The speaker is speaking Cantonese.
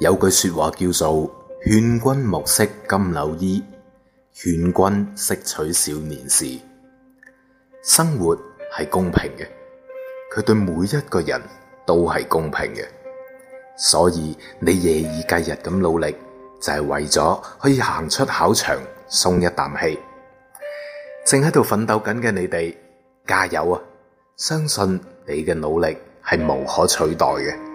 有句說話叫做勸君莫惜金縷衣，勸君惜取少年時。生活係公平嘅，佢對每一個人都係公平嘅。所以你夜以繼日咁努力，就係、是、為咗可以行出考場，鬆一啖氣。正喺度奮鬥緊嘅你哋，加油啊！相信你嘅努力係無可取代嘅。